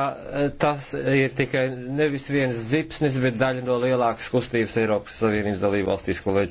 E, tas ir tikai nevis viens zipsnis, bet daļa no lielākas kustības Eiropas Savienības dalībvalstīs, kolēģi.